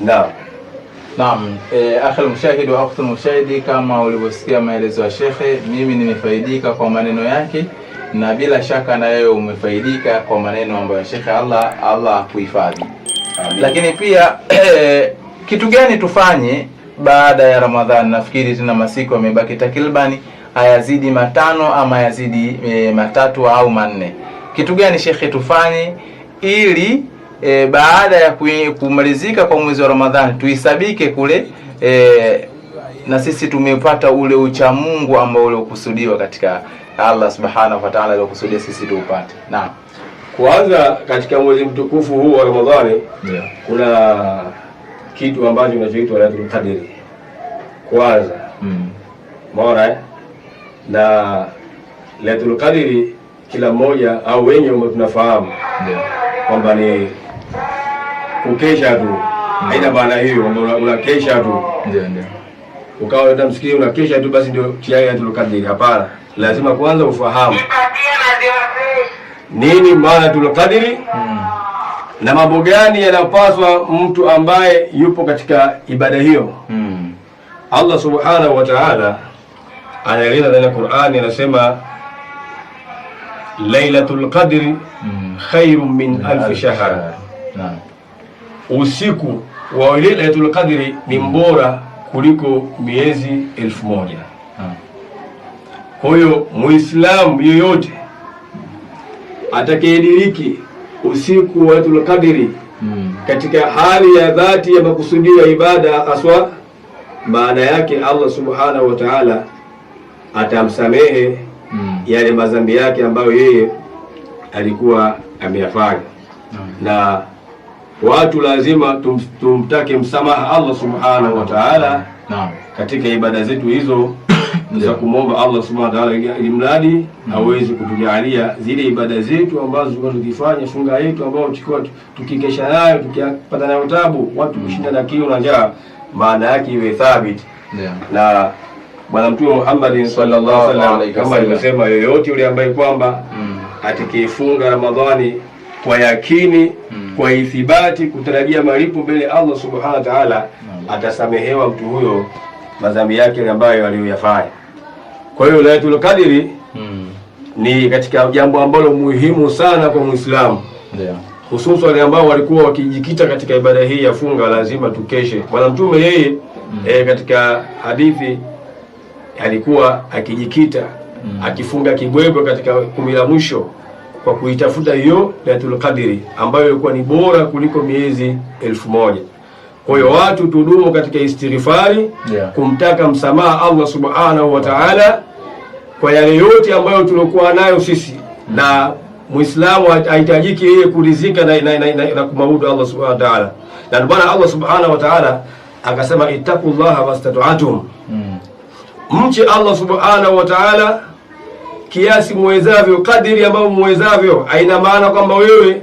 Naam. Naam, eh, akhal mshahidi wa akhtul mshahidi, kama ulivyosikia maelezo ya shekhe, mimi nimefaidika kwa maneno yake na bila shaka na wewe umefaidika kwa maneno ambayo shekhe. Allah Allah kuhifadhi. Lakini pia kitu gani tufanye baada ya Ramadhani? Nafikiri tena masiku yamebaki takribani hayazidi matano ama hayazidi e, matatu au manne. Kitu gani shekhe tufanye ili e, baada ya kumalizika kwa mwezi wa Ramadhani tuisabike kule e, na sisi tumepata ule uchamungu ambao uliokusudiwa katika Allah subhanahu wa ta'ala aliokusudia sisi tuupate. Naam, kwanza katika mwezi mtukufu huu wa Ramadhani yeah. kuna kitu ambacho kinachoitwa Lailatul Qadr. kwanza, mm. mm. na Lailatul Qadr kila mmoja au wengi tunafahamu yeah. kwamba ni kukesha tu haina maana hiyo, unakesha tu ndio ndio ukawa unaenda msikiti unakesha tu basi ndio chai tiari tulokadiri. Hapana, lazima kwanza ufahamu nini maana tulokadiri hmm. na mambo gani yanapaswa mtu ambaye yupo katika ibada hiyo hmm. Allah subhanahu wa ta'ala anaeleza ndani ya Qur'ani, anasema Lailatul Qadri hmm. khairun min alf shahr usiku wa Lailatul Qadri ni mbora kuliko miezi elfu moja. Kwa hmm. hiyo Muislamu yoyote atakayediriki usiku wa Lailatul Qadri hmm. katika hali ya dhati ya makusudio ya ibada aswa, maana yake Allah subhanahu wa ta'ala atamsamehe hmm. yale mazambi yake ambayo yeye alikuwa ameyafanya hmm. na watu lazima tum, tumtake msamaha Allah subhanahu wa ta'ala katika ibada zetu hizo za kumwomba Allah subhanahu wa ta'ala, ili mradi mm. aweze kutujalia zile ibada zetu ambazo tunazozifanya, funga yetu ambayo tukiwa tukikesha nayo tukipata nayo tabu, watu mm. kushinda na kiu na njaa, maana yake iwe thabiti na Bwana Mtume Muhammad sallallahu alaihi wasallam kama alivyosema, yoyote yule ambaye kwamba mm. atakayefunga Ramadhani kwa yakini mm kwa ithibati kutarajia malipo mbele Allah subhanahu wa ta'ala, atasamehewa mtu huyo madhambi yake ambayo aliyoyafanya. Kwa hiyo Lailatul Qadri hmm. ni katika jambo ambalo muhimu sana kwa Muislamu yeah, hususan wale ambao walikuwa wakijikita katika ibada hii ya funga, lazima tukeshe. Bwana Mtume yeye mm. e, katika hadithi alikuwa akijikita mm. akifunga kibwebwe katika kumi la mwisho kwa kuitafuta hiyo Lailatul Qadri ambayo ilikuwa ni bora kuliko miezi elfu moja. Kwa hiyo watu tudumu katika istighfari yeah, kumtaka msamaha Allah subhanahu wa ta'ala kwa yale yote ambayo tuliokuwa nayo sisi mm, na Muislamu hahitajiki yeye kuridhika na, na, na, na, na kumwabudu Allah subhanahu wa ta'ala, na ndio maana Allah subhanahu wa ta'ala akasema ittaqullaha wastatu'atum mm. mche Allah subhanahu wa ta'ala kiasi muwezavyo, kadiri ambayo muwezavyo. Haina maana kwamba wewe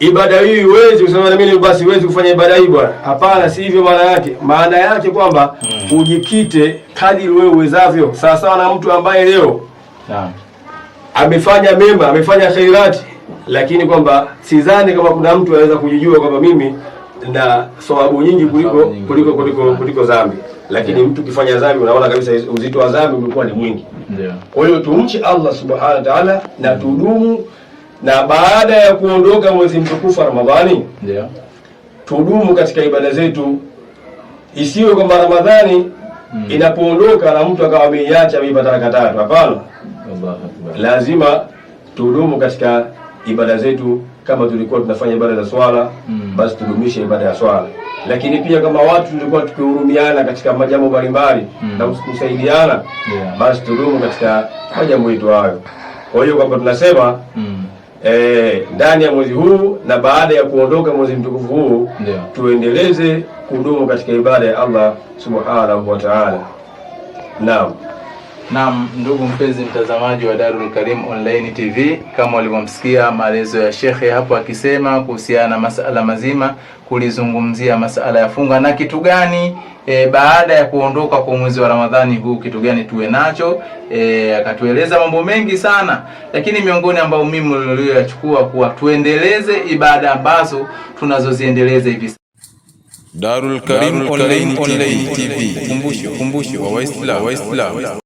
ibada hii huwezi kusema na mimi basi huwezi kufanya ibada hii bwana. Hapana, si hivyo maana yake. Maana yake kwamba hmm, ujikite kadiri wewe uwezavyo, sawa sawa na mtu ambaye leo yeah, amefanya mema, amefanya khairati, lakini kwamba sidhani kama kuna mtu anaweza kujijua kwamba mimi na sawabu nyingi kuliko kuliko kuliko, kuliko, kuliko dhambi, lakini yeah, mtu ukifanya dhambi unaona kabisa uzito wa dhambi ulikuwa ni mwingi. Kwa hiyo tumche Allah subhanahu wa ta'ala na tudumu, na baada ya kuondoka mwezi mtukufu wa Ramadhani tudumu katika ibada zetu, isiwe kwamba Ramadhani mm. inapoondoka na mtu akawa ameiacha ameipa takataka. Hapana, lazima tudumu katika ibada zetu. Kama tulikuwa tunafanya ibada za swala mm. basi tudumishe ibada ya swala lakini pia kama watu tulikuwa tukihurumiana katika majambo mbalimbali mm. na kusaidiana yeah. basi tudumu katika majambo yetu hayo. Kwa hiyo kwamba tunasema mm. eh, ndani ya mwezi huu na baada ya kuondoka mwezi mtukufu huu yeah. tuendeleze kudumu katika ibada ya Allah subhanahu wa ta'ala. Naam. Naam, ndugu mpenzi mtazamaji wa Darul Karim Online TV, kama ulivyomsikia maelezo ya shekhe hapo akisema kuhusiana na masala mazima, kulizungumzia masala ya funga na kitu gani e, baada ya kuondoka kwa mwezi wa Ramadhani huu kitu gani tuwe nacho e, akatueleza mambo mengi sana, lakini miongoni ambao mimi niliyoyachukua kuwa tuendeleze ibada ambazo tunazoziendeleza hivi Darul Karim Online TV, kumbusho kumbusho wa Waislamu